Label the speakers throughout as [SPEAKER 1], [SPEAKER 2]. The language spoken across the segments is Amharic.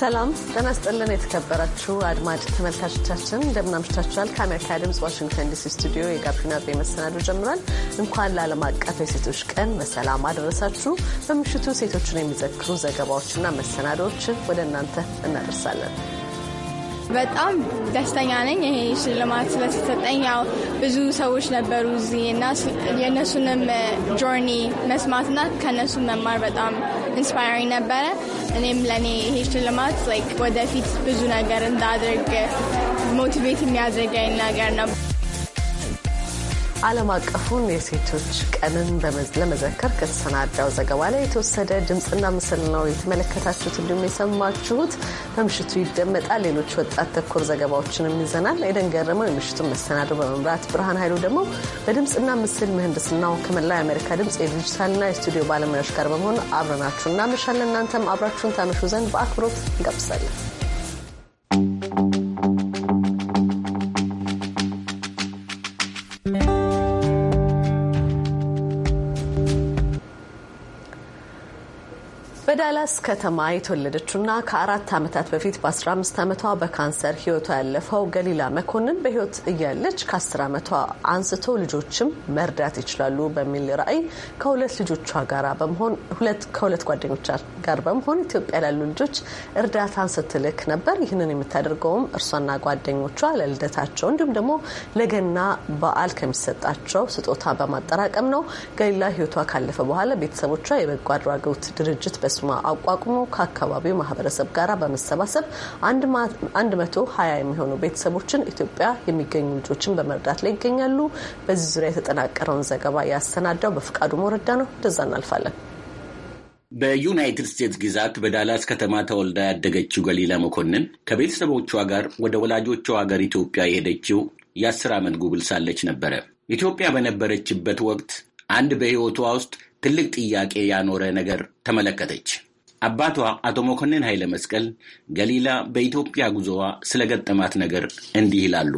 [SPEAKER 1] ሰላም ጤና ይስጥልን። የተከበራችሁ አድማጭ ተመልካቾቻችን እንደምን አምሽታችኋል? ከአሜሪካ ድምጽ ዋሽንግተን ዲሲ ስቱዲዮ የጋቢና ቤ መሰናዶ ጀምሯል። እንኳን ለዓለም አቀፍ የሴቶች ቀን በሰላም አደረሳችሁ። በምሽቱ ሴቶችን የሚዘክሩ ዘገባዎችና መሰናዶዎችን ወደ እናንተ እናደርሳለን።
[SPEAKER 2] በጣም ደስተኛ ነኝ። ይሄ ሽልማት ስለተሰጠኝ ያው ብዙ ሰዎች ነበሩ እዚህ እና የእነሱንም ጆርኒ መስማትና ከእነሱ መማር በጣም ኢንስፓይሪንግ ነበረ። እኔም ለእኔ ይሄ ሽልማት ወደፊት ብዙ ነገር እንዳድርግ ሞቲቬት የሚያደርገኝ ነገር ነው።
[SPEAKER 1] ዓለም አቀፉን የሴቶች ቀንን ለመዘከር ከተሰናዳው ዘገባ ላይ የተወሰደ ድምፅና ምስል ነው የተመለከታችሁት፣ እንዲሁም የሰማችሁት በምሽቱ ይደመጣል። ሌሎች ወጣት ተኮር ዘገባዎችንም ይዘናል። ኤደን ገረመው የምሽቱን መሰናዶ በመምራት ብርሃን ኃይሉ ደግሞ በድምፅና ምስል ምህንድስናው ከመላው የአሜሪካ ድምፅ የዲጂታልና የስቱዲዮ ባለሙያዎች ጋር በመሆን አብረናችሁ እናመሻለን። እናንተም አብራችሁን ታመሹ ዘንድ በአክብሮት እንጋብዛለን። ዳላስ ከተማ የተወለደችውና ከአራት ዓመታት በፊት በ15 ዓመቷ በካንሰር ህይወቷ ያለፈው ገሊላ መኮንን በህይወት እያለች ከ10 ዓመቷ አንስቶ ልጆችም መርዳት ይችላሉ በሚል ራዕይ ከሁለት ልጆቿ ጋር በመሆን ከሁለት ጓደኞቻ ጋር በመሆን ኢትዮጵያ ላሉ ልጆች እርዳታን ስትልክ ነበር። ይህንን የምታደርገውም እርሷና ጓደኞቿ ለልደታቸው እንዲሁም ደግሞ ለገና በዓል ከሚሰጣቸው ስጦታ በማጠራቀም ነው። ገሊላ ህይወቷ ካለፈ በኋላ ቤተሰቦቿ የበጎ አድራጎት ድርጅት በስሟ አቋቁሞ ከአካባቢው ማህበረሰብ ጋር በመሰባሰብ 120 የሚሆኑ ቤተሰቦችን ኢትዮጵያ የሚገኙ ልጆችን በመርዳት ላይ ይገኛሉ። በዚህ ዙሪያ የተጠናቀረውን ዘገባ ያሰናዳው በፍቃዱ መረዳ ነው። እንደዛ እናልፋለን።
[SPEAKER 3] በዩናይትድ ስቴትስ ግዛት በዳላስ ከተማ ተወልዳ ያደገችው ገሊላ መኮንን ከቤተሰቦቿ ጋር ወደ ወላጆቿ ሀገር ኢትዮጵያ የሄደችው የአስር ዓመት ጉብል ሳለች ነበረ። ኢትዮጵያ በነበረችበት ወቅት አንድ በሕይወቷ ውስጥ ትልቅ ጥያቄ ያኖረ ነገር ተመለከተች። አባቷ አቶ መኮንን ኃይለ መስቀል ገሊላ በኢትዮጵያ ጉዞዋ ስለገጠማት ነገር እንዲህ ይላሉ።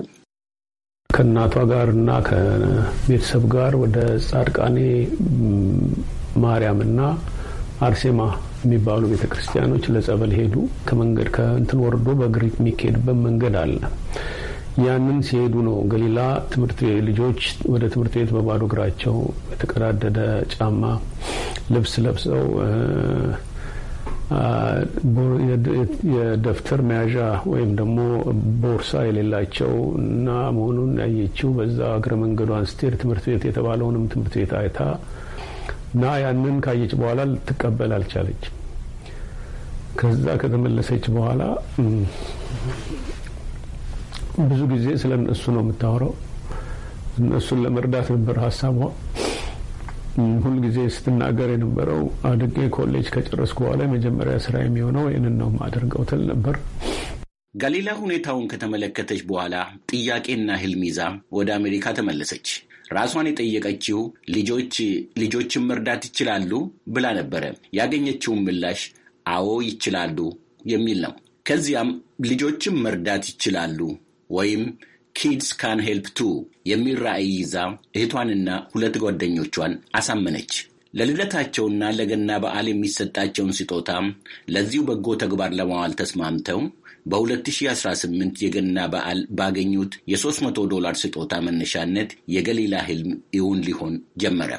[SPEAKER 4] ከእናቷ ጋር እና ከቤተሰብ ጋር ወደ ጻድቃኔ ማርያምና አርሴማ የሚባሉ ቤተክርስቲያኖች ለጸበል ሄዱ። ከመንገድ ከእንትን ወርዶ በግሪክ የሚካሄድበት መንገድ አለ። ያንን ሲሄዱ ነው ገሊላ ትምህርት ልጆች ወደ ትምህርት ቤት በባዶ እግራቸው የተቀዳደደ ጫማ ልብስ ለብሰው የደብተር መያዣ ወይም ደግሞ ቦርሳ የሌላቸው እና መሆኑን ያየችው በዛ እግረ መንገዷን ስትሄድ ትምህርት ቤት የተባለውንም ትምህርት ቤት አይታ እና ያንን ካየች በኋላ ልትቀበል አልቻለች። ከዛ ከተመለሰች በኋላ ብዙ ጊዜ ስለ እነሱ ነው የምታወራው። እነሱን ለመርዳት ነበር ሀሳቧ። ሁልጊዜ ስትናገር የነበረው አድጌ ኮሌጅ ከጨረስኩ በኋላ የመጀመሪያ ስራ የሚሆነው ይህንን ነው ማደርገው ትል ነበር።
[SPEAKER 3] ጋሊላ ሁኔታውን ከተመለከተች በኋላ ጥያቄና ህልም ይዛ ወደ አሜሪካ ተመለሰች። ራሷን የጠየቀችው ልጆች ልጆችን መርዳት ይችላሉ ብላ ነበረ። ያገኘችውን ምላሽ አዎ ይችላሉ የሚል ነው። ከዚያም ልጆችን መርዳት ይችላሉ ወይም ኪድስ ካን ሄልፕ ቱ የሚል ራዕይ ይዛ እህቷንና ሁለት ጓደኞቿን አሳመነች። ለልደታቸውና ለገና በዓል የሚሰጣቸውን ስጦታ ለዚሁ በጎ ተግባር ለማዋል ተስማምተው በ2018 የገና በዓል ባገኙት የ300 ዶላር ስጦታ መነሻነት የገሊላ ህልም እውን ሊሆን ጀመረ።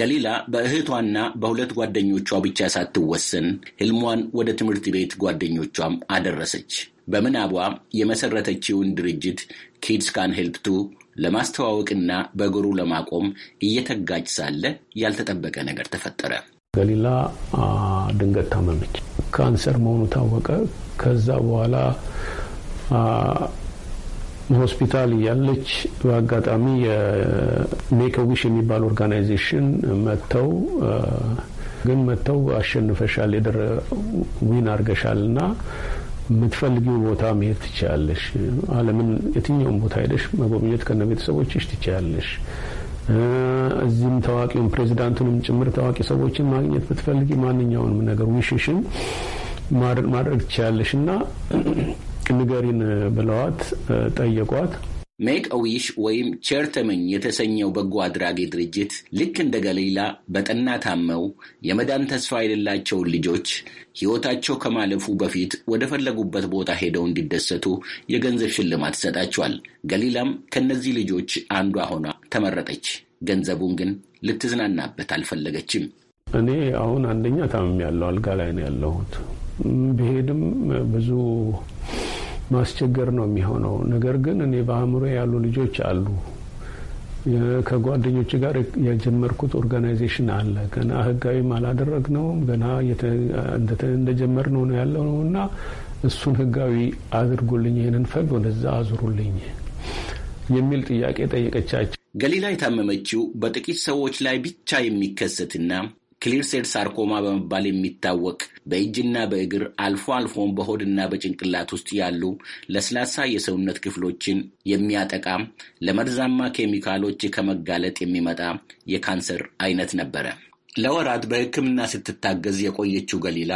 [SPEAKER 3] ገሊላ በእህቷና በሁለት ጓደኞቿ ብቻ ሳትወሰን ህልሟን ወደ ትምህርት ቤት ጓደኞቿም አደረሰች። በምናቧ የመሰረተችውን ድርጅት ኪድስ ካን ሄልፕቱ ለማስተዋወቅና በእግሩ ለማቆም እየተጋጭ ሳለ ያልተጠበቀ ነገር
[SPEAKER 4] ተፈጠረ። ገሊላ ድንገት ታመመች። ካንሰር መሆኑ ታወቀ። ከዛ በኋላ ሆስፒታል ያለች በአጋጣሚ የሜከዊሽ የሚባል ኦርጋናይዜሽን መጥተው ግን መጥተው አሸንፈሻል፣ የደረ ዊን አርገሻል ና የምትፈልጊው ቦታ መሄድ ትችላለሽ። ዓለምን የትኛውም ቦታ ሄደሽ መጎብኘት ከነ ቤተሰቦችሽ ትችላለሽ። እዚህም ታዋቂውን ፕሬዚዳንቱንም ጭምር ታዋቂ ሰዎችን ማግኘት ብትፈልጊ ማንኛውንም ነገር ዊሽሽን ማድረግ ትችላለሽ እና ንገሪን ብለዋት ጠየቋት።
[SPEAKER 3] ሜክ አዊሽ ወይም ቸርተመኝ የተሰኘው በጎ አድራጊ ድርጅት ልክ እንደ ገሊላ በጠና ታመው የመዳን ተስፋ የሌላቸውን ልጆች ሕይወታቸው ከማለፉ በፊት ወደ ፈለጉበት ቦታ ሄደው እንዲደሰቱ የገንዘብ ሽልማት ይሰጣቸዋል። ገሊላም ከእነዚህ ልጆች አንዷ ሆኗ ተመረጠች። ገንዘቡን ግን ልትዝናናበት አልፈለገችም።
[SPEAKER 4] እኔ አሁን አንደኛ ታምም ያለው አልጋ ላይ ነው ያለሁት ብሄድም ብዙ ማስቸገር ነው የሚሆነው። ነገር ግን እኔ በአእምሮ ያሉ ልጆች አሉ። ከጓደኞች ጋር የጀመርኩት ኦርጋናይዜሽን አለ። ገና ህጋዊም አላደረግነውም። ገና እንደጀመር ነው ነው ያለው ነው እና እሱን ህጋዊ አድርጉልኝ፣ ይህንን ፈንድ ወደዛ አዙሩልኝ የሚል ጥያቄ ጠየቀቻቸው።
[SPEAKER 3] ገሊላ የታመመችው በጥቂት ሰዎች ላይ ብቻ የሚከሰትና ክሊር ሴል ሳርኮማ በመባል የሚታወቅ በእጅና በእግር አልፎ አልፎም በሆድና በጭንቅላት ውስጥ ያሉ ለስላሳ የሰውነት ክፍሎችን የሚያጠቃ ለመርዛማ ኬሚካሎች ከመጋለጥ የሚመጣ የካንሰር አይነት ነበረ። ለወራት በሕክምና ስትታገዝ የቆየችው ገሊላ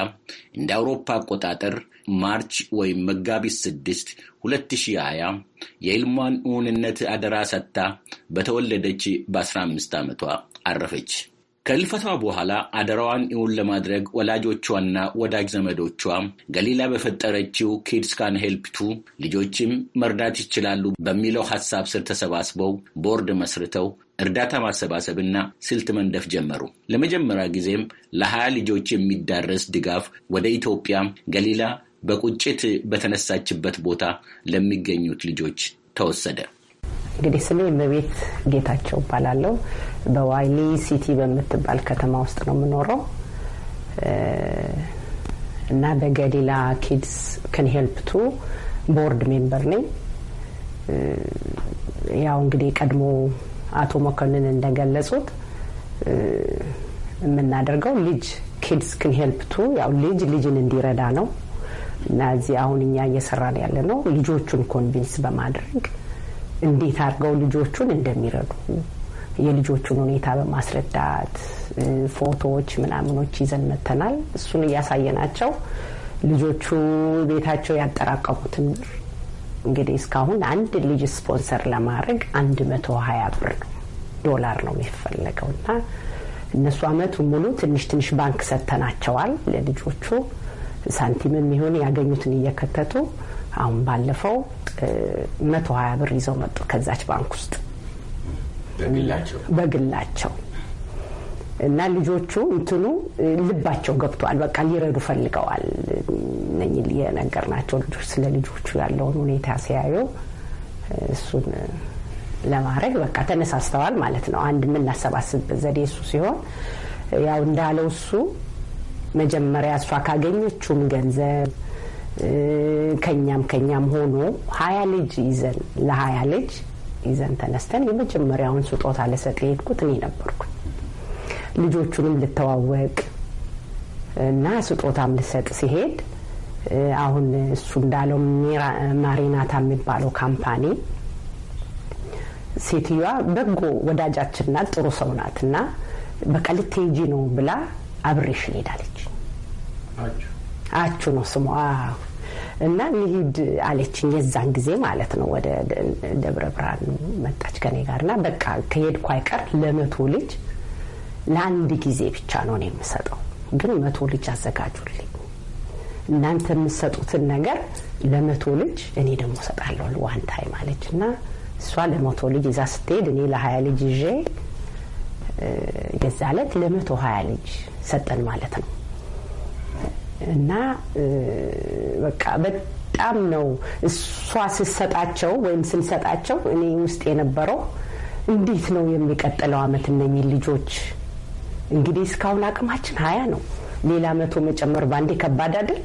[SPEAKER 3] እንደ አውሮፓ አቆጣጠር ማርች ወይም መጋቢት 6 2020 የህልሟን እውንነት አደራ ሰጥታ በተወለደች በ15 ዓመቷ አረፈች። ከልፈቷ በኋላ አደራዋን ይሁን ለማድረግ ወላጆቿና ወዳጅ ዘመዶቿ ገሊላ በፈጠረችው ኪድስ ካን ሄልፕ ቱ ልጆችም መርዳት ይችላሉ በሚለው ሀሳብ ስር ተሰባስበው ቦርድ መስርተው እርዳታ ማሰባሰብና ስልት መንደፍ ጀመሩ። ለመጀመሪያ ጊዜም ለሀያ ልጆች የሚዳረስ ድጋፍ ወደ ኢትዮጵያ ገሊላ በቁጭት በተነሳችበት ቦታ ለሚገኙት ልጆች ተወሰደ።
[SPEAKER 5] እንግዲህ ስሜ እመቤት ጌታቸው እባላለሁ። በዋይሊ ሲቲ በምትባል ከተማ ውስጥ ነው የምኖረው እና በገሊላ ኪድስ ክን ሄልፕቱ ቦርድ ሜምበር ነኝ። ያው እንግዲህ ቀድሞ አቶ መኮንን እንደገለጹት የምናደርገው ልጅ ኪድስ ክን ሄልፕቱ ያው ልጅ ልጅን እንዲረዳ ነው እና እዚህ አሁን እኛ ነው ያለ ነው ልጆቹን ኮንቪንስ በማድረግ እንዴት አድርገው ልጆቹን እንደሚረዱ የልጆቹን ሁኔታ በማስረዳት ፎቶዎች ምናምኖች ይዘን መተናል። እሱን እያሳየናቸው ልጆቹ ቤታቸው ያጠራቀሙትን ብር እንግዲህ እስካሁን አንድ ልጅ ስፖንሰር ለማድረግ አንድ መቶ ሀያ ብር ዶላር ነው የሚፈለገው እና እነሱ አመቱ ሙሉ ትንሽ ትንሽ ባንክ ሰጥተናቸዋል ለልጆቹ ሳንቲም የሚሆን ያገኙትን እየከተቱ አሁን ባለፈው መቶ ሀያ ብር ይዘው መጡ ከዛች ባንክ ውስጥ በግላቸው እና ልጆቹ እንትኑ ልባቸው ገብተዋል። በቃ ሊረዱ ፈልገዋል። እነኝህ ናቸው ልጆች ስለ ልጆቹ ያለውን ሁኔታ ሲያዩ እሱን ለማድረግ በቃ ተነሳስተዋል ማለት ነው። አንድ የምናሰባስብ ዘዴ እሱ ሲሆን ያው እንዳለው እሱ መጀመሪያ እሷ ካገኘችውም ገንዘብ ከኛም ከኛም ሆኖ ሀያ ልጅ ይዘን ለሀያ ልጅ ይዘን ተነስተን የመጀመሪያውን ስጦታ ልሰጥ የሄድኩት እኔ ነበርኩ። ልጆቹንም ልተዋወቅ እና ስጦታም ልሰጥ ሲሄድ አሁን እሱ እንዳለው ማሪናታ የሚባለው ካምፓኒ ሴትዮዋ በጎ ወዳጃችን ናት፣ ጥሩ ሰው ናት እና በቃ ልትሄጂ ነው ብላ አብሬሽ ሄዳለች። አቹ ነው ስሟ። እና እንሂድ አለችኝ። የዛን ጊዜ ማለት ነው ወደ ደብረ ብርሃን መጣች ከኔ ጋር እና በቃ ከሄድኩ አይቀር ለመቶ ልጅ ለአንድ ጊዜ ብቻ ነው የምሰጠው፣ ግን መቶ ልጅ አዘጋጁልኝ እናንተ የምትሰጡትን ነገር ለመቶ ልጅ እኔ ደግሞ ሰጣለሁ ዋን ታይም አለች እና እሷ ለመቶ ልጅ ይዛ ስትሄድ እኔ ለሀያ ልጅ ይዤ የዛ ዕለት ለመቶ ሀያ ልጅ ሰጠን ማለት ነው። እና በቃ በጣም ነው እሷ ስሰጣቸው ወይም ስንሰጣቸው እኔ ውስጥ የነበረው እንዴት ነው የሚቀጥለው አመት እነኚህ ልጆች እንግዲህ እስካሁን አቅማችን ሀያ ነው። ሌላ መቶ መጨመር ባንዴ ከባድ አይደል?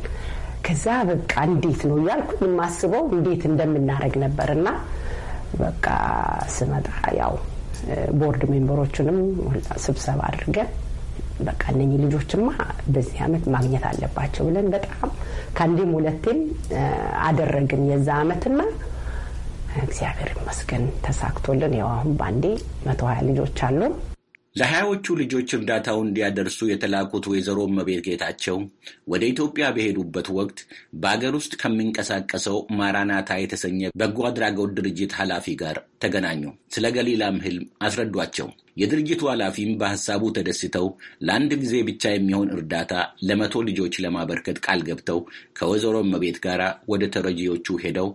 [SPEAKER 5] ከዛ በቃ እንዴት ነው እያልኩ የማስበው እንዴት እንደምናደርግ ነበር እና በቃ ስመጣ ያው ቦርድ ሜምበሮቹንም ስብሰባ አድርገን በቃ እነኚህ ልጆችማ በዚህ አመት ማግኘት አለባቸው ብለን በጣም ከአንዴም ሁለቴም አደረግን የዛ አመትና እግዚአብሔር ይመስገን ተሳክቶልን ያው አሁን በአንዴ መቶ ሀያ ልጆች አሉ።
[SPEAKER 3] ለሀያዎቹ ልጆች እርዳታው እንዲያደርሱ የተላኩት ወይዘሮ እመቤት ጌታቸው ወደ ኢትዮጵያ በሄዱበት ወቅት በአገር ውስጥ ከሚንቀሳቀሰው ማራናታ የተሰኘ በጎ አድራጎት ድርጅት ኃላፊ ጋር ተገናኙ። ስለ ገሊላም ህልም አስረዷቸው። የድርጅቱ ኃላፊም በሀሳቡ ተደስተው ለአንድ ጊዜ ብቻ የሚሆን እርዳታ ለመቶ ልጆች ለማበርከት ቃል ገብተው ከወይዘሮ እመቤት ጋር ወደ ተረጂዎቹ ሄደው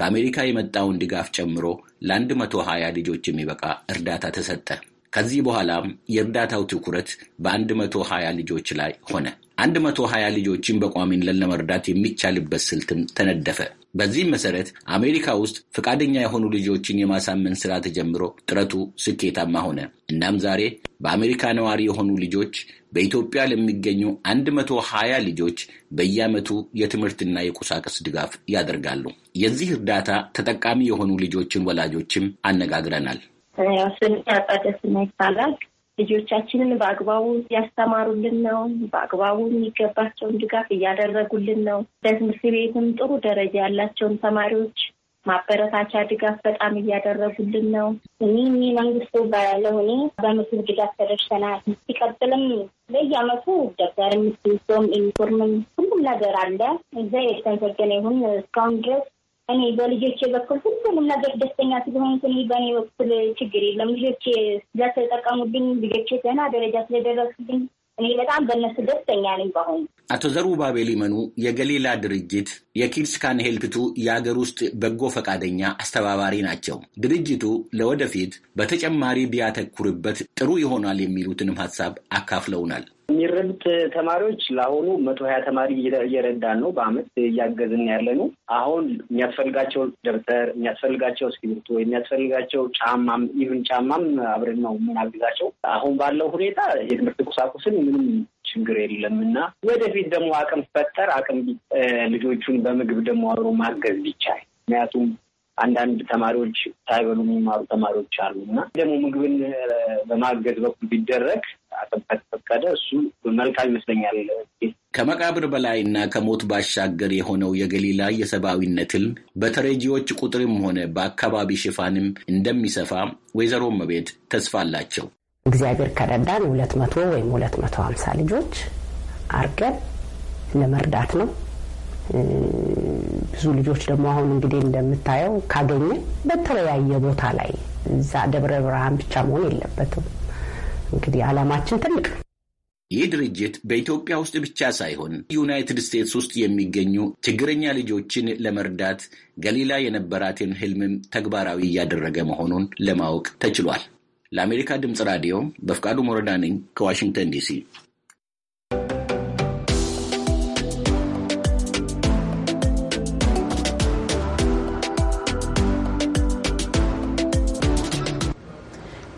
[SPEAKER 3] ከአሜሪካ የመጣውን ድጋፍ ጨምሮ ለአንድ መቶ ሀያ ልጆች የሚበቃ እርዳታ ተሰጠ። ከዚህ በኋላም የእርዳታው ትኩረት በ120 ልጆች ላይ ሆነ። 120 ልጆችን በቋሚነት ለመርዳት የሚቻልበት ስልትም ተነደፈ። በዚህም መሰረት አሜሪካ ውስጥ ፈቃደኛ የሆኑ ልጆችን የማሳመን ስራ ተጀምሮ ጥረቱ ስኬታማ ሆነ። እናም ዛሬ በአሜሪካ ነዋሪ የሆኑ ልጆች በኢትዮጵያ ለሚገኙ 120 ልጆች በየዓመቱ የትምህርትና የቁሳቁስ ድጋፍ ያደርጋሉ። የዚህ እርዳታ ተጠቃሚ የሆኑ ልጆችን ወላጆችም አነጋግረናል።
[SPEAKER 6] ስም ያጸደ ስና ይባላል። ልጆቻችንን በአግባቡ እያስተማሩልን ነው። በአግባቡ የሚገባቸውን ድጋፍ እያደረጉልን ነው። በትምህርት ቤትም ጥሩ ደረጃ ያላቸውን ተማሪዎች ማበረታቻ ድጋፍ በጣም እያደረጉልን ነው። እኔ ሚ መንግስቱ ባለሆኔ እኔ በምግብ ድጋፍ ተደርሰናል። ሲቀጥልም በየአመቱ ደብተርም፣ እስክሪብቶም፣ ዩኒፎርምም ሁሉም ነገር አለ። እዛ የተመሰገነ ይሁን እስካሁን ድረስ እኔ በልጆቼ በኩል ሁሉንም ነገር ደስተኛ ስለሆንኩ እኔ በእኔ በኩል ችግር የለም። ልጆቼ ስለተጠቀሙብኝ፣ ልጆቼ ገና ደረጃ ስለደረሱብኝ እኔ በጣም በእነሱ ደስተኛ ነኝ። በአሁኑ
[SPEAKER 3] አቶ ዘሩባቤል ይመኑ የገሊላ ድርጅት የኪድስ ካን ሄልፕቱ የአገር ውስጥ በጎ ፈቃደኛ አስተባባሪ ናቸው። ድርጅቱ ለወደፊት በተጨማሪ ቢያተኩርበት ጥሩ ይሆናል የሚሉትንም ሀሳብ አካፍለውናል። የሚረዱት ተማሪዎች ለአሁኑ መቶ ሀያ ተማሪ እየረዳን ነው። በአመት እያገዝን ያለ ነው። አሁን የሚያስፈልጋቸው ደብተር፣ የሚያስፈልጋቸው እስክሪብቶ፣ የሚያስፈልጋቸው ጫማም ኢቭን ጫማም አብረን ነው የምናግዛቸው። አሁን ባለው ሁኔታ የትምህርት ቁሳቁስን ምንም ችግር የለም እና ወደፊት ደግሞ አቅም ፈጠር አቅም ልጆቹን በምግብ ደግሞ አብሮ ማገዝ ቢቻል ምክንያቱም አንዳንድ ተማሪዎች ሳይበሉ የሚማሩ ተማሪዎች አሉ እና ደግሞ ምግብን በማገዝ በኩል ቢደረግ አቅም ፈጠር ከፈቀደ እሱ መልካም ይመስለኛል። ከመቃብር በላይና ከሞት ባሻገር የሆነው የገሊላ የሰብአዊነት ሕልም በተረጂዎች ቁጥርም ሆነ በአካባቢ ሽፋንም እንደሚሰፋ ወይዘሮ መቤት ተስፋ አላቸው።
[SPEAKER 5] እግዚአብሔር ከረዳን ሁለት መቶ ወይም ሁለት መቶ ሀምሳ ልጆች አርገን ለመርዳት ነው። ብዙ ልጆች ደግሞ አሁን እንግዲህ እንደምታየው ካገኘ በተለያየ ቦታ ላይ እዛ ደብረ ብርሃን ብቻ መሆን የለበትም። እንግዲህ አላማችን ትልቅ ነው።
[SPEAKER 3] ይህ ድርጅት በኢትዮጵያ ውስጥ ብቻ ሳይሆን ዩናይትድ ስቴትስ ውስጥ የሚገኙ ችግረኛ ልጆችን ለመርዳት ገሊላ የነበራትን ህልምም ተግባራዊ እያደረገ መሆኑን ለማወቅ ተችሏል። ለአሜሪካ ድምፅ ራዲዮ በፍቃዱ ሞረዳ ነኝ ከዋሽንግተን ዲሲ።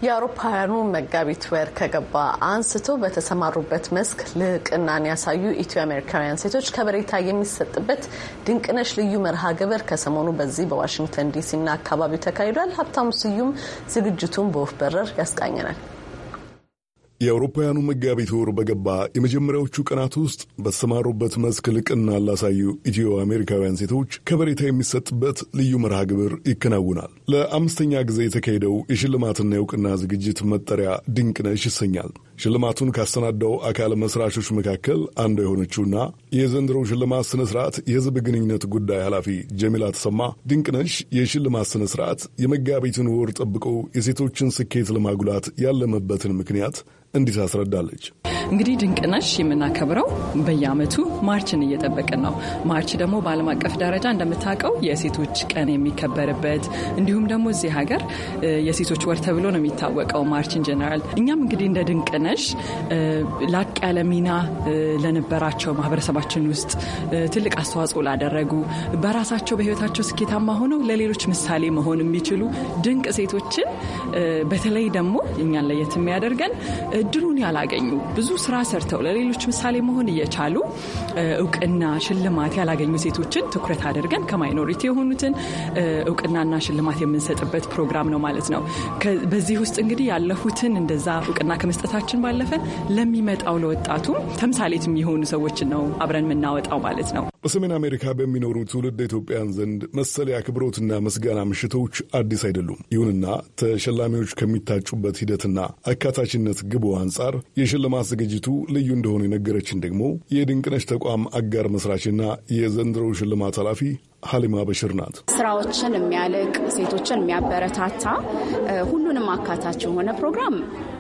[SPEAKER 1] የአውሮፓውያኑ መጋቢት ወር ከገባ አንስቶ በተሰማሩበት መስክ ልቅናን ያሳዩ ኢትዮ አሜሪካውያን ሴቶች ከበሬታ የሚሰጥበት ድንቅነሽ ልዩ መርሃ ግብር ከሰሞኑ በዚህ በዋሽንግተን ዲሲና አካባቢው ተካሂዷል። ሀብታሙ ስዩም ዝግጅቱን በወፍ በረር ያስቃኘናል።
[SPEAKER 7] የአውሮፓውያኑ መጋቢት ወር በገባ የመጀመሪያዎቹ ቀናት ውስጥ በተሰማሩበት መስክ ልቅና ላሳዩ ኢትዮ አሜሪካውያን ሴቶች ከበሬታ የሚሰጥበት ልዩ መርሃ ግብር ይከናውናል። ለአምስተኛ ጊዜ የተካሄደው የሽልማትና የእውቅና ዝግጅት መጠሪያ ድንቅ ነሽ ይሰኛል። ሽልማቱን ካሰናዳው አካል መስራቾች መካከል አንዱ የሆነችውና የዘንድሮው ሽልማት ስነ ስርዓት የህዝብ ግንኙነት ጉዳይ ኃላፊ ጀሚላ ተሰማ ድንቅነሽ የሽልማት ስነ ስርዓት የመጋቢትን ወር ጠብቆ የሴቶችን ስኬት ለማጉላት ያለመበትን ምክንያት እንዲህ ታስረዳለች።
[SPEAKER 8] እንግዲህ ድንቅነሽ የምናከብረው በየአመቱ ማርችን እየጠበቅን ነው። ማርች ደግሞ በዓለም አቀፍ ደረጃ እንደምታውቀው የሴቶች ቀን የሚከበርበት እንዲሁም ደግሞ እዚህ ሀገር የሴቶች ወር ተብሎ ነው የሚታወቀው ማርችን ጀነራል። እኛም እንግዲህ እንደ ድንቅነሽ ነሽ ላቅ ያለ ሚና ለነበራቸው ማህበረሰባችን ውስጥ ትልቅ አስተዋጽኦ ላደረጉ በራሳቸው በህይወታቸው ስኬታማ ሆነው ለሌሎች ምሳሌ መሆን የሚችሉ ድንቅ ሴቶችን በተለይ ደግሞ እኛን ለየት የሚያደርገን እድሉን ያላገኙ ብዙ ስራ ሰርተው ለሌሎች ምሳሌ መሆን እየቻሉ እውቅና ሽልማት ያላገኙ ሴቶችን ትኩረት አድርገን ከማይኖሪቲ የሆኑትን እውቅናና ሽልማት የምንሰጥበት ፕሮግራም ነው ማለት ነው። በዚህ ውስጥ እንግዲህ ያለፉትን እንደዛ እውቅና ከመስጠታችን ከማድረጋችን ባለፈ ለሚመጣው ለወጣቱ ተምሳሌት የሚሆኑ ሰዎችን ነው አብረን የምናወጣው ማለት ነው።
[SPEAKER 7] በሰሜን አሜሪካ በሚኖሩ ትውልድ ኢትዮጵያያን ዘንድ መሰል የአክብሮትና ምስጋና ምሽቶች አዲስ አይደሉም። ይሁንና ተሸላሚዎች ከሚታጩበት ሂደትና አካታችነት ግቡ አንጻር የሽልማት ዝግጅቱ ልዩ እንደሆነ የነገረችን ደግሞ የድንቅነሽ ተቋም አጋር መስራችና የዘንድሮው ሽልማት ኃላፊ ሀሊማ በሽር ናት።
[SPEAKER 6] ስራዎችን የሚያልቅ ሴቶችን የሚያበረታታ ሁሉንም አካታች የሆነ ፕሮግራም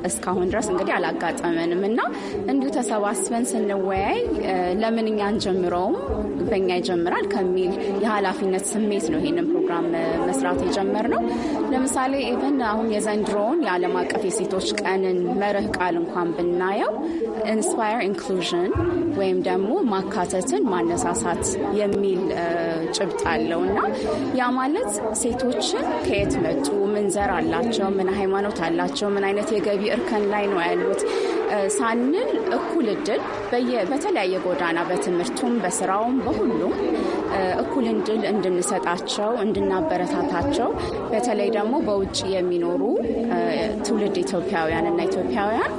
[SPEAKER 6] እስካሁን ድረስ እንግዲህ አላጋጠመንም እና እንዲሁ ተሰባስበን ስንወያይ ለምን እኛን ጀምረውም በኛ ይጀምራል ከሚል የኃላፊነት ስሜት ነው ይሄን ፕሮግራም መስራት የጀመርነው። ለምሳሌ ኢቨን አሁን የዘንድሮውን የዓለም አቀፍ የሴቶች ቀንን መርህ ቃል እንኳን ብናየው ኢንስፓየር ኢንክሉዥን ወይም ደግሞ ማካተትን ማነሳሳት የሚል ጭብጥ አለው እና ያ ማለት ሴቶችን ከየት መጡ፣ ምን ዘር አላቸው፣ ምን ሃይማኖት አላቸው፣ ምን አይነት የገቢ እርከን ላይ ነው ያሉት ሳንል እኩል እድል በተለያየ ጎዳና በትምህርቱም፣ በስራውም፣ በሁሉም እኩል እድል እንድንሰጣቸው እንድናበረታታቸው በተለይ ደግሞ በውጭ የሚኖሩ ትውልድ ኢትዮጵያውያን እና ኢትዮጵያውያን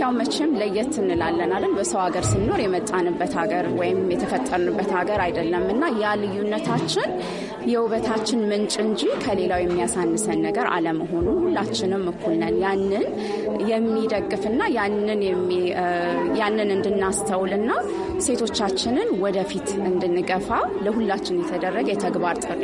[SPEAKER 6] ያው መቼም ለየት እንላለን አይደል? በሰው ሀገር ስንኖር የመጣንበት ሀገር ወይም የተፈጠርንበት ሀገር አይደለም እና ያ ልዩነታችን የውበታችን ምንጭ እንጂ ከሌላው የሚያሳንሰን ነገር አለመሆኑን ሁላችንም እኩል ነን። ያንን የሚደግፍና ያንን ያንን እንድናስተውልና ሴቶቻችንን ወደፊት እንድንገፋ ለሁላችን የተደረገ የተግባር ጥሪ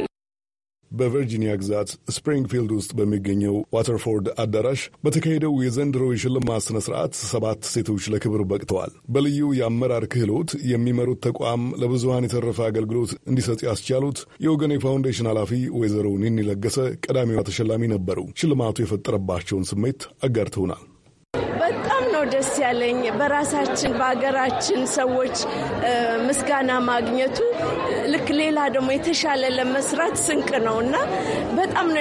[SPEAKER 7] በቨርጂኒያ ግዛት ስፕሪንግፊልድ ውስጥ በሚገኘው ዋተርፎርድ አዳራሽ በተካሄደው የዘንድሮ የሽልማት ስነ ስርዓት ሰባት ሴቶች ለክብር በቅተዋል። በልዩ የአመራር ክህሎት የሚመሩት ተቋም ለብዙሀን የተረፈ አገልግሎት እንዲሰጥ ያስቻሉት የወገኔ ፋውንዴሽን ኃላፊ ወይዘሮ ኒኒ ለገሰ ቀዳሚዋ ተሸላሚ ነበሩ። ሽልማቱ የፈጠረባቸውን ስሜት አጋርተውናል።
[SPEAKER 1] ደስ ያለኝ በራሳችን በሀገራችን ሰዎች ምስጋና ማግኘቱ ልክ ሌላ ደግሞ የተሻለ ለመስራት ስንቅ ነው እና በጣም ነው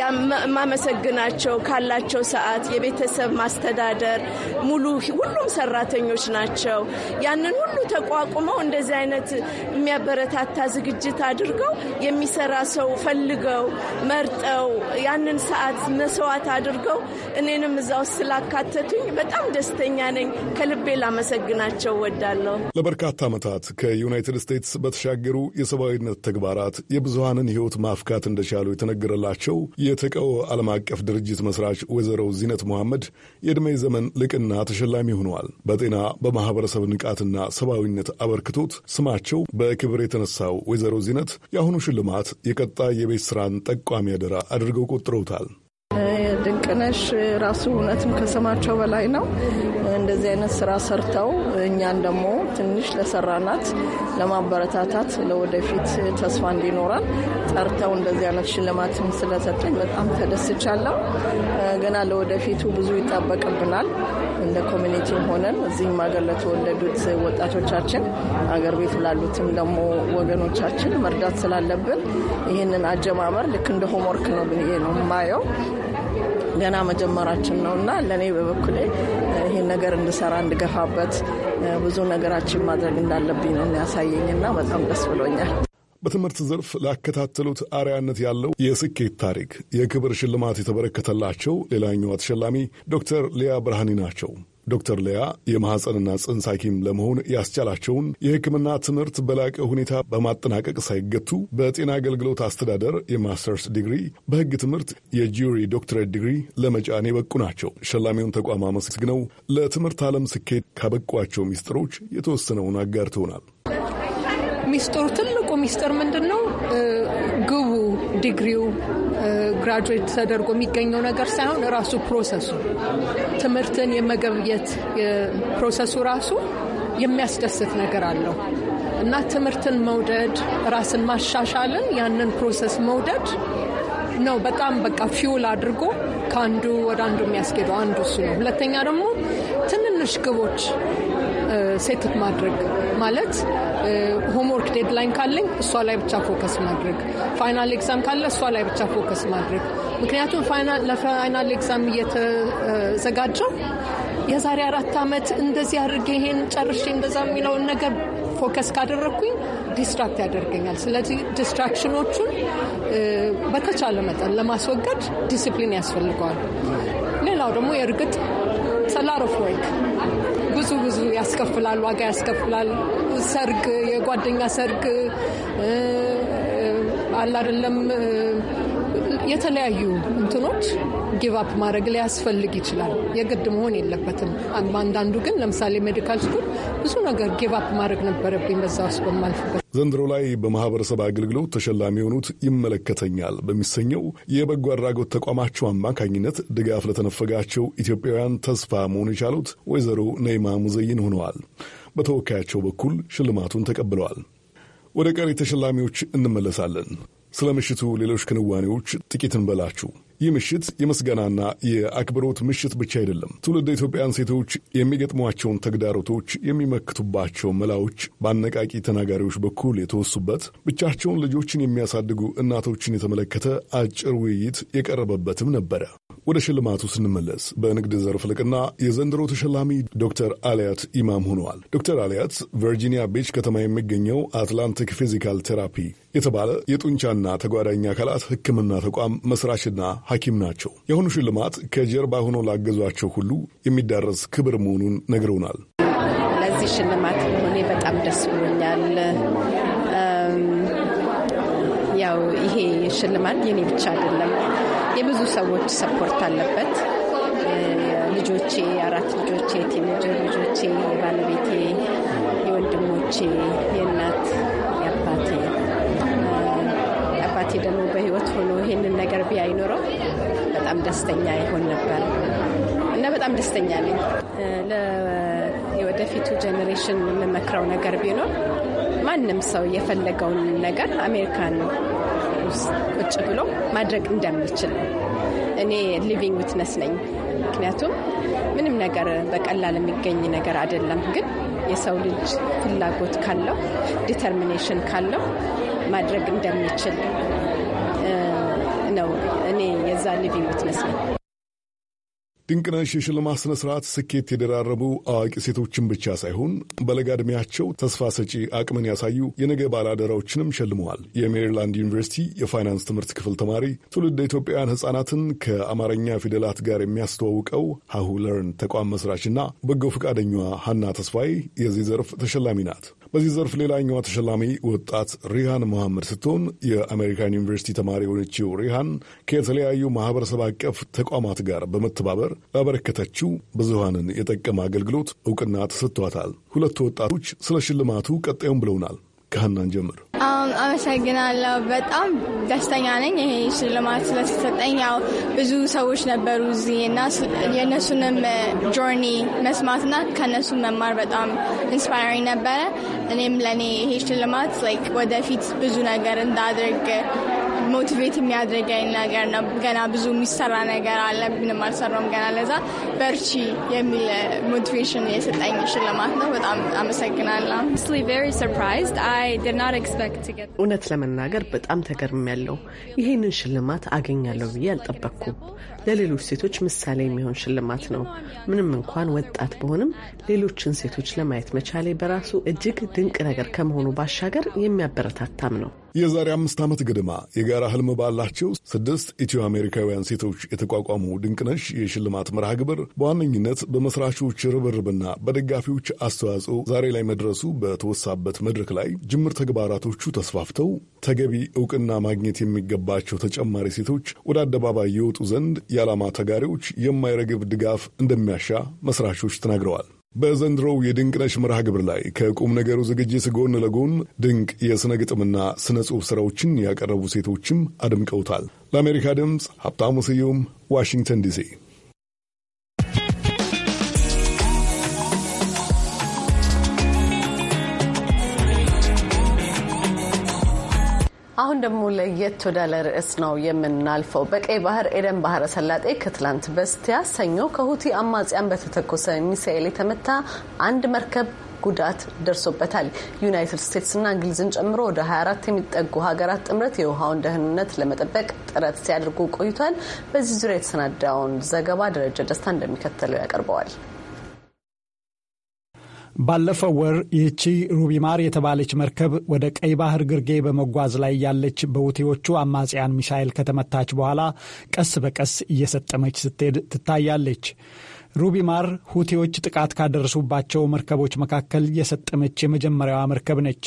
[SPEAKER 1] የማመሰግናቸው። ካላቸው ሰዓት የቤተሰብ ማስተዳደር ሙሉ ሁሉም ሰራተኞች ናቸው። ያንን ሁሉ ተቋቁመው እንደዚህ አይነት የሚያበረታታ ዝግጅት አድርገው የሚሰራ ሰው ፈልገው መርጠው ያንን ሰዓት መስዋዕት አድርገው እኔንም እዛ ውስጥ ስላካተቱኝ በጣም ደስ ደስተኛ ነኝ። ከልቤ ላመሰግናቸው ወዳለሁ።
[SPEAKER 7] ለበርካታ ዓመታት ከዩናይትድ ስቴትስ በተሻገሩ የሰብአዊነት ተግባራት የብዙሃንን ሕይወት ማፍካት እንደቻሉ የተነገረላቸው የተቀው ዓለም አቀፍ ድርጅት መስራች ወይዘሮ ዚነት መሐመድ የዕድሜ ዘመን ልቅና ተሸላሚ ሆነዋል። በጤና በማህበረሰብ ንቃትና ሰብአዊነት አበርክቶት ስማቸው በክብር የተነሳው ወይዘሮ ዚነት የአሁኑ ሽልማት የቀጣይ የቤት ስራን ጠቋሚ አደራ አድርገው ቆጥረውታል።
[SPEAKER 1] ድንቅነሽ ራሱ እውነትም ከሰማቸው በላይ ነው። እንደዚህ አይነት ስራ ሰርተው እኛን ደግሞ ትንሽ ለሰራናት ለማበረታታት ለወደፊት ተስፋ እንዲኖራል ጠርተው እንደዚህ አይነት ሽልማትም ስለሰጠኝ በጣም ተደስቻለሁ። ገና ለወደፊቱ ብዙ ይጠበቅብናል። እንደ ኮሚኒቲ ሆነን እዚህም ሀገር ለተወለዱት ወጣቶቻችን አገር ቤት ላሉትም ደግሞ ወገኖቻችን መርዳት ስላለብን ይህንን አጀማመር ልክ እንደ ሆምወርክ ነው ብዬ ነው የማየው። ገና መጀመራችን ነው እና ለእኔ በበኩሌ ይህን ነገር እንድሰራ እንድገፋበት ብዙ ነገራችን ማድረግ እንዳለብኝ ነው ያሳየኝ እና በጣም ደስ ብሎኛል።
[SPEAKER 7] በትምህርት ዘርፍ ላከታተሉት አርያነት ያለው የስኬት ታሪክ የክብር ሽልማት የተበረከተላቸው ሌላኛዋ ተሸላሚ ዶክተር ሊያ ብርሃኒ ናቸው። ዶክተር ሊያ የማኅፀንና ጽንስ ሐኪም ለመሆን ያስቻላቸውን የሕክምና ትምህርት በላቀ ሁኔታ በማጠናቀቅ ሳይገቱ በጤና አገልግሎት አስተዳደር የማስተርስ ዲግሪ፣ በሕግ ትምህርት የጂሪ ዶክትሬት ዲግሪ ለመጫን የበቁ ናቸው። ሸላሚውን ተቋም አመስግነው ለትምህርት ዓለም ስኬት ካበቋቸው ሚስጥሮች የተወሰነውን አጋርተውናል።
[SPEAKER 8] ሚስጥሩ ትልቁ ሚስጥር ምንድን ነው? ግቡ ዲግሪው ግራጁዌት ተደርጎ የሚገኘው ነገር ሳይሆን ራሱ ፕሮሰሱ ትምህርትን የመገብየት ፕሮሰሱ ራሱ የሚያስደስት ነገር አለው እና ትምህርትን መውደድ ራስን ማሻሻልን ያንን ፕሮሰስ መውደድ ነው በጣም በቃ ፊውል አድርጎ ከአንዱ ወደ አንዱ የሚያስኬደው አንዱ እሱ ነው። ሁለተኛ ደግሞ ትንንሽ ግቦች ሴትት ማድረግ ማለት ሆምወርክ ዴድላይን ካለኝ እሷ ላይ ብቻ ፎከስ ማድረግ፣ ፋይናል ኤግዛም ካለ እሷ ላይ ብቻ ፎከስ ማድረግ። ምክንያቱም ለፋይናል ኤግዛም እየተዘጋጀው የዛሬ አራት ዓመት እንደዚህ አድርጌ ይሄን ጨርሼ እንደዛ የሚለውን ነገር ፎከስ ካደረግኩኝ ዲስትራክት ያደርገኛል። ስለዚህ ዲስትራክሽኖቹን በተቻለ መጠን ለማስወገድ ዲሲፕሊን ያስፈልገዋል። ሌላው ደግሞ የእርግጥ ሰላሮፍ ወርክ ብዙ ብዙ ያስከፍላል፣ ዋጋ ያስከፍላል። ሰርግ፣ የጓደኛ ሰርግ አላደለም የተለያዩ እንትኖች ጊቫፕ ማድረግ ሊያስፈልግ ይችላል። የግድ መሆን የለበትም። አንዳንዱ ግን ለምሳሌ ሜዲካል ስኩል ብዙ ነገር ጊቫፕ ማድረግ ነበረብኝ በዛ ውስጥ በማልፍበት።
[SPEAKER 7] ዘንድሮ ላይ በማህበረሰብ አገልግሎት ተሸላሚ የሆኑት ይመለከተኛል በሚሰኘው የበጎ አድራጎት ተቋማቸው አማካኝነት ድጋፍ ለተነፈጋቸው ኢትዮጵያውያን ተስፋ መሆን የቻሉት ወይዘሮ ነይማ ሙዘይን ሆነዋል። በተወካያቸው በኩል ሽልማቱን ተቀብለዋል። ወደ ቀሪ ተሸላሚዎች እንመለሳለን። ስለ ምሽቱ ሌሎች ክንዋኔዎች ጥቂት እንበላችሁ። ይህ ምሽት የምስጋናና የአክብሮት ምሽት ብቻ አይደለም። ትውልደ ኢትዮጵያን ሴቶች የሚገጥሟቸውን ተግዳሮቶች የሚመክቱባቸው መላዎች በአነቃቂ ተናጋሪዎች በኩል የተወሱበት፣ ብቻቸውን ልጆችን የሚያሳድጉ እናቶችን የተመለከተ አጭር ውይይት የቀረበበትም ነበረ። ወደ ሽልማቱ ስንመለስ በንግድ ዘርፍ ልቅና የዘንድሮ ተሸላሚ ዶክተር አልያት ኢማም ሆነዋል። ዶክተር አልያት ቨርጂኒያ ቤች ከተማ የሚገኘው አትላንቲክ ፊዚካል ቴራፒ የተባለ የጡንቻና ተጓዳኝ አካላት ሕክምና ተቋም መስራችና ሐኪም ናቸው። የአሁኑ ሽልማት ከጀርባ ሆኖ ላገዟቸው ሁሉ የሚዳረስ ክብር መሆኑን ነግረውናል።
[SPEAKER 6] ለዚህ ሽልማት መሆኔ በጣም ደስ ብሎኛል። ያው ይሄ ሽልማት የኔ ብቻ አይደለም የብዙ ሰዎች ሰፖርት አለበት። ልጆቼ አራት ልጆቼ የቲኔጀር ልጆቼ፣ የባለቤቴ፣ የወንድሞቼ፣ የእናት የአባቴ አባቴ ደግሞ በህይወት ሆኖ ይህንን ነገር ቢያይኖረው በጣም ደስተኛ ይሆን ነበር እና በጣም ደስተኛ ነኝ። የወደፊቱ ጀኔሬሽን የምመክረው ነገር ቢኖር ማንም ሰው የፈለገውን ነገር አሜሪካን ውስጥ ቁጭ ብሎ ማድረግ እንደምችል ነው። እኔ ሊቪንግ ዊትነስ ነኝ። ምክንያቱም ምንም ነገር በቀላል የሚገኝ ነገር አይደለም። ግን የሰው ልጅ ፍላጎት ካለው ዲተርሚኔሽን ካለው ማድረግ እንደሚችል ነው። እኔ የዛ ሊቪንግ ዊትነስ ነኝ።
[SPEAKER 7] ድንቅነሽ የሽልማት ስነ ስርዓት ስኬት የደራረቡ አዋቂ ሴቶችን ብቻ ሳይሆን በለጋ ዕድሜያቸው ተስፋ ሰጪ አቅምን ያሳዩ የነገ ባላደራዎችንም ሸልመዋል። የሜሪላንድ ዩኒቨርሲቲ የፋይናንስ ትምህርት ክፍል ተማሪ ትውልድ ኢትዮጵያውያን ሕጻናትን ከአማርኛ ፊደላት ጋር የሚያስተዋውቀው ሀሁ ለርን ተቋም መስራችና በጎ ፈቃደኛዋ ሀና ተስፋዬ የዚህ ዘርፍ ተሸላሚ ናት። በዚህ ዘርፍ ሌላኛዋ ተሸላሚ ወጣት ሪሃን መሐመድ ስትሆን የአሜሪካን ዩኒቨርሲቲ ተማሪ የሆነችው ሪሃን ከተለያዩ ማህበረሰብ አቀፍ ተቋማት ጋር በመተባበር ያበረከተችው ብዙሃንን የጠቀመ አገልግሎት እውቅና ተሰጥቷታል። ሁለቱ ወጣቶች ስለ ሽልማቱ ቀጣዩን ብለውናል። ከሀናን ጀምር።
[SPEAKER 2] አመሰግናለሁ። በጣም ደስተኛ ነኝ ይሄ ሽልማት ስለተሰጠኝ። ያው ብዙ ሰዎች ነበሩ እዚህ እና የእነሱንም ጆርኒ መስማትና ከእነሱ መማር በጣም ኢንስፓይሪንግ ነበረ። እኔም ለእኔ ይሄ ሽልማት ወደፊት ብዙ ነገር እንዳድርግ ሞቲቬት የሚያደርገኝ ነገር ነው። ገና ብዙ የሚሰራ ነገር አለ፣ ምንም አልሰራውም ገና። ለዛ በርቺ የሚል ሞቲቬሽን የሰጠኝ ሽልማት ነው። በጣም አመሰግናለሁ።
[SPEAKER 1] እውነት ለመናገር በጣም ያለው ይህንን ሽልማት አገኛለሁ ብዬ አልጠበቅኩም። ለሌሎች ሴቶች ምሳሌ የሚሆን ሽልማት ነው። ምንም እንኳን ወጣት በሆንም ሌሎችን ሴቶች ለማየት መቻሌ በራሱ እጅግ ድንቅ ነገር ከመሆኑ ባሻገር የሚያበረታታም ነው።
[SPEAKER 7] የዛሬ አምስት ዓመት ግድማ የጋራ ህልም ባላቸው ስድስት ኢትዮ አሜሪካውያን ሴቶች የተቋቋሙ ድንቅነሽ የሽልማት መርሃ ግብር በዋነኝነት በመስራቾች ርብርብና በደጋፊዎች አስተዋጽኦ ዛሬ ላይ መድረሱ በተወሳበት መድረክ ላይ ጅምር ተግባራቶቹ ተስፋፍተው ተገቢ እውቅና ማግኘት የሚገባቸው ተጨማሪ ሴቶች ወደ አደባባይ የወጡ ዘንድ የዓላማ ተጋሪዎች የማይረግብ ድጋፍ እንደሚያሻ መስራቾች ተናግረዋል። በዘንድሮው የድንቅነሽ መርሃ ግብር ላይ ከቁም ነገሩ ዝግጅት ጎን ለጎን ድንቅ የሥነ ግጥምና ሥነ ጽሑፍ ሥራዎችን ያቀረቡ ሴቶችም አድምቀውታል። ለአሜሪካ ድምፅ ሀብታሙ ስዩም ዋሽንግተን ዲሲ
[SPEAKER 1] አሁን ደግሞ ለየት ወዳለ ርዕስ ነው የምናልፈው። በቀይ ባህር ኤደን ባህረ ሰላጤ ከትላንት በስቲያ ሰኞ ከሁቲ አማጽያን በተተኮሰ ሚሳኤል የተመታ አንድ መርከብ ጉዳት ደርሶበታል። ዩናይትድ ስቴትስና እንግሊዝን ጨምሮ ወደ 24 የሚጠጉ ሀገራት ጥምረት የውሃውን ደህንነት ለመጠበቅ ጥረት ሲያደርጉ ቆይቷል። በዚህ ዙሪያ የተሰናዳውን ዘገባ ደረጃ ደስታ እንደሚከተለው ያቀርበዋል።
[SPEAKER 9] ባለፈው ወር ይህቺ ሩቢማር የተባለች መርከብ ወደ ቀይ ባህር ግርጌ በመጓዝ ላይ ያለች በውቴዎቹ አማጽያን ሚሳኤል ከተመታች በኋላ ቀስ በቀስ እየሰጠመች ስትሄድ ትታያለች። ሩቢማር ሁቴዎች ጥቃት ካደረሱባቸው መርከቦች መካከል የሰጠመች የመጀመሪያዋ መርከብ ነች።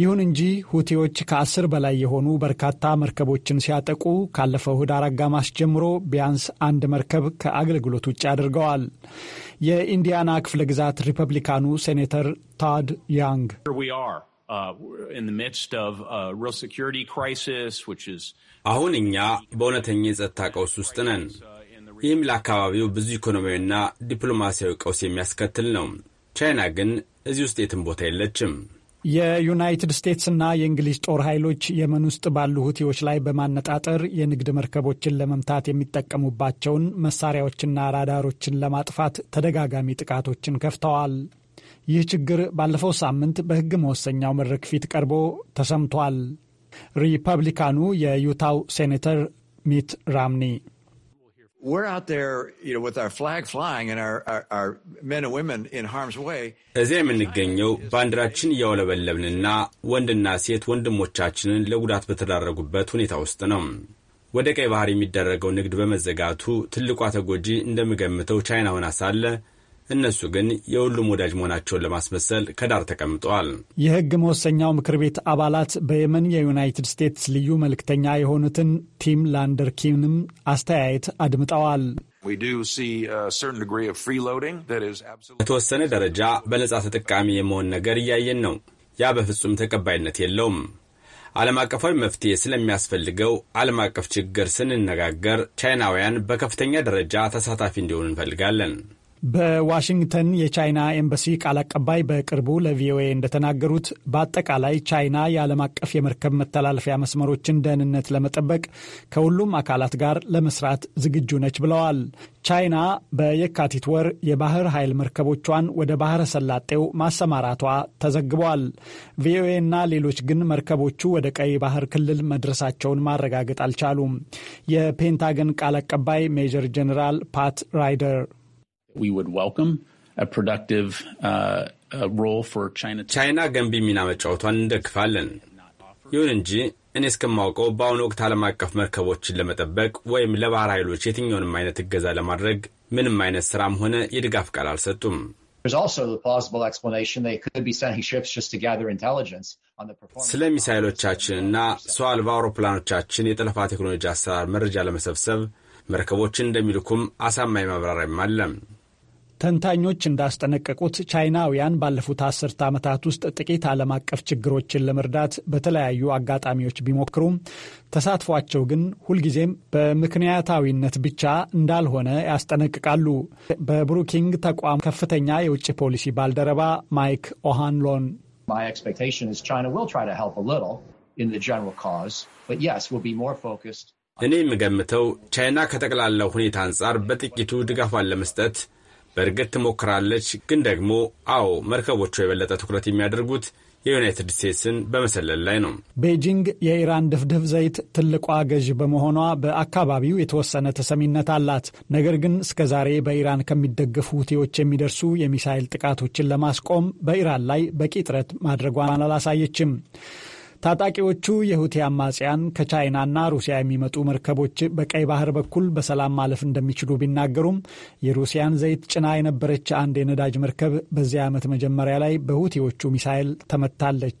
[SPEAKER 9] ይሁን እንጂ ሁቲዎች ከአስር በላይ የሆኑ በርካታ መርከቦችን ሲያጠቁ ካለፈው ህዳር አጋማሽ ጀምሮ ቢያንስ አንድ መርከብ ከአገልግሎት ውጭ አድርገዋል። የኢንዲያና ክፍለ ግዛት ሪፐብሊካኑ ሴኔተር ታድ ያንግ
[SPEAKER 4] uh,
[SPEAKER 10] አሁን እኛ በእውነተኛ የጸጥታ ቀውስ ውስጥ ነን። ይህም ለአካባቢው ብዙ ኢኮኖሚያዊና ዲፕሎማሲያዊ ቀውስ የሚያስከትል ነው። ቻይና ግን እዚህ ውስጥ የትም ቦታ የለችም።
[SPEAKER 9] የዩናይትድ ስቴትስና የእንግሊዝ ጦር ኃይሎች የመን ውስጥ ባሉ ሁቲዎች ላይ በማነጣጠር የንግድ መርከቦችን ለመምታት የሚጠቀሙባቸውን መሳሪያዎችና ራዳሮችን ለማጥፋት ተደጋጋሚ ጥቃቶችን ከፍተዋል። ይህ ችግር ባለፈው ሳምንት በሕግ መወሰኛው መድረክ ፊት ቀርቦ ተሰምቷል። ሪፐብሊካኑ የዩታው ሴኔተር ሚት ራምኒ
[SPEAKER 10] እዚያ የምንገኘው ባንዲራችን እያውለበለብንና ወንድና ሴት ወንድሞቻችንን ለጉዳት በተዳረጉበት ሁኔታ ውስጥ ነው። ወደ ቀይ ባህር የሚደረገው ንግድ በመዘጋቱ ትልቋ ተጎጂ እንደምገምተው ቻይና ሆና ሳለ እነሱ ግን የሁሉም ወዳጅ መሆናቸውን ለማስመሰል ከዳር ተቀምጠዋል።
[SPEAKER 9] የህግ መወሰኛው ምክር ቤት አባላት በየመን የዩናይትድ ስቴትስ ልዩ መልእክተኛ የሆኑትን ቲም ላንደርኪንም አስተያየት አድምጠዋል።
[SPEAKER 10] በተወሰነ ደረጃ በነጻ ተጠቃሚ የመሆን ነገር እያየን ነው። ያ በፍጹም ተቀባይነት የለውም። ዓለም አቀፋዊ መፍትሄ ስለሚያስፈልገው ዓለም አቀፍ ችግር ስንነጋገር ቻይናውያን በከፍተኛ ደረጃ ተሳታፊ እንዲሆኑ እንፈልጋለን።
[SPEAKER 9] በዋሽንግተን የቻይና ኤምባሲ ቃል አቀባይ በቅርቡ ለቪኦኤ እንደተናገሩት በአጠቃላይ ቻይና የዓለም አቀፍ የመርከብ መተላለፊያ መስመሮችን ደህንነት ለመጠበቅ ከሁሉም አካላት ጋር ለመስራት ዝግጁ ነች ብለዋል። ቻይና በየካቲት ወር የባህር ኃይል መርከቦቿን ወደ ባህረ ሰላጤው ማሰማራቷ ተዘግቧል። ቪኦኤና ሌሎች ግን መርከቦቹ ወደ ቀይ ባህር ክልል መድረሳቸውን ማረጋገጥ አልቻሉም። የፔንታገን ቃል አቀባይ ሜጀር ጀኔራል ፓት ራይደር
[SPEAKER 10] ቻይና uh, ገንቢ ሚና መጫወቷን እንደግፋለን። ይሁን እንጂ እኔ እስከማውቀው በአሁኑ ወቅት ዓለም አቀፍ መርከቦችን ለመጠበቅ ወይም ለባህር ኃይሎች የትኛውንም አይነት እገዛ ለማድረግ ምንም አይነት ሥራም ሆነ የድጋፍ ቃል አልሰጡም። ስለ ሚሳይሎቻችንና ሰው አልባ አውሮፕላኖቻችን የጠለፋ ቴክኖሎጂ አሰራር መረጃ ለመሰብሰብ መርከቦችን እንደሚልኩም አሳማኝ ማብራሪያም አለም።
[SPEAKER 9] ተንታኞች እንዳስጠነቀቁት ቻይናውያን ባለፉት አስርተ ዓመታት ውስጥ ጥቂት ዓለም አቀፍ ችግሮችን ለመርዳት በተለያዩ አጋጣሚዎች ቢሞክሩም ተሳትፏቸው ግን ሁልጊዜም በምክንያታዊነት ብቻ እንዳልሆነ ያስጠነቅቃሉ። በብሩኪንግ ተቋም ከፍተኛ የውጭ ፖሊሲ ባልደረባ ማይክ ኦሃንሎን
[SPEAKER 10] እኔ የምገምተው ቻይና ከጠቅላላው ሁኔታ አንጻር በጥቂቱ ድጋፏን ለመስጠት በእርግጥ ትሞክራለች፣ ግን ደግሞ አዎ፣ መርከቦቿ የበለጠ ትኩረት የሚያደርጉት የዩናይትድ ስቴትስን በመሰለል ላይ ነው።
[SPEAKER 9] ቤጂንግ የኢራን ድፍድፍ ዘይት ትልቋ ገዥ በመሆኗ በአካባቢው የተወሰነ ተሰሚነት አላት። ነገር ግን እስከዛሬ በኢራን ከሚደገፉ ሁቴዎች የሚደርሱ የሚሳይል ጥቃቶችን ለማስቆም በኢራን ላይ በቂ ጥረት ማድረጓን አላሳየችም። ታጣቂዎቹ የሁቲ አማጽያን ከቻይናና ሩሲያ የሚመጡ መርከቦች በቀይ ባህር በኩል በሰላም ማለፍ እንደሚችሉ ቢናገሩም የሩሲያን ዘይት ጭና የነበረች አንድ የነዳጅ መርከብ በዚህ ዓመት መጀመሪያ ላይ በሁቲዎቹ ሚሳይል ተመታለች።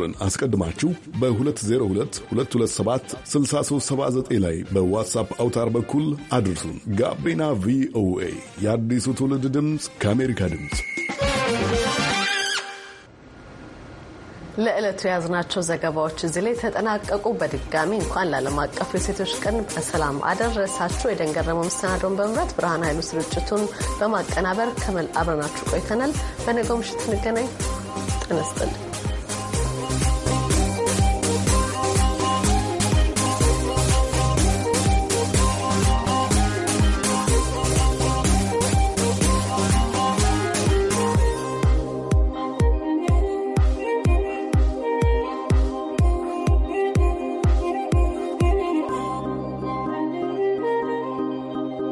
[SPEAKER 7] ቁጥርን አስቀድማችሁ በ202227 6379 ላይ በዋትሳፕ አውታር በኩል አድርሱን። ጋቢና ቪኦኤ የአዲሱ ትውልድ ድምፅ ከአሜሪካ ድምፅ
[SPEAKER 1] ለዕለቱ የያዝናቸው ዘገባዎች እዚህ ላይ ተጠናቀቁ። በድጋሚ እንኳን ለዓለም አቀፉ የሴቶች ቀን በሰላም አደረሳችሁ። የደንገረመው መሰናዶውን በመምራት ብርሃን ኃይሉ ስርጭቱን በማቀናበር ከመል አብረናችሁ ቆይተናል። በነገው ምሽት እንገናኝ። ጤና ይስጥልኝ።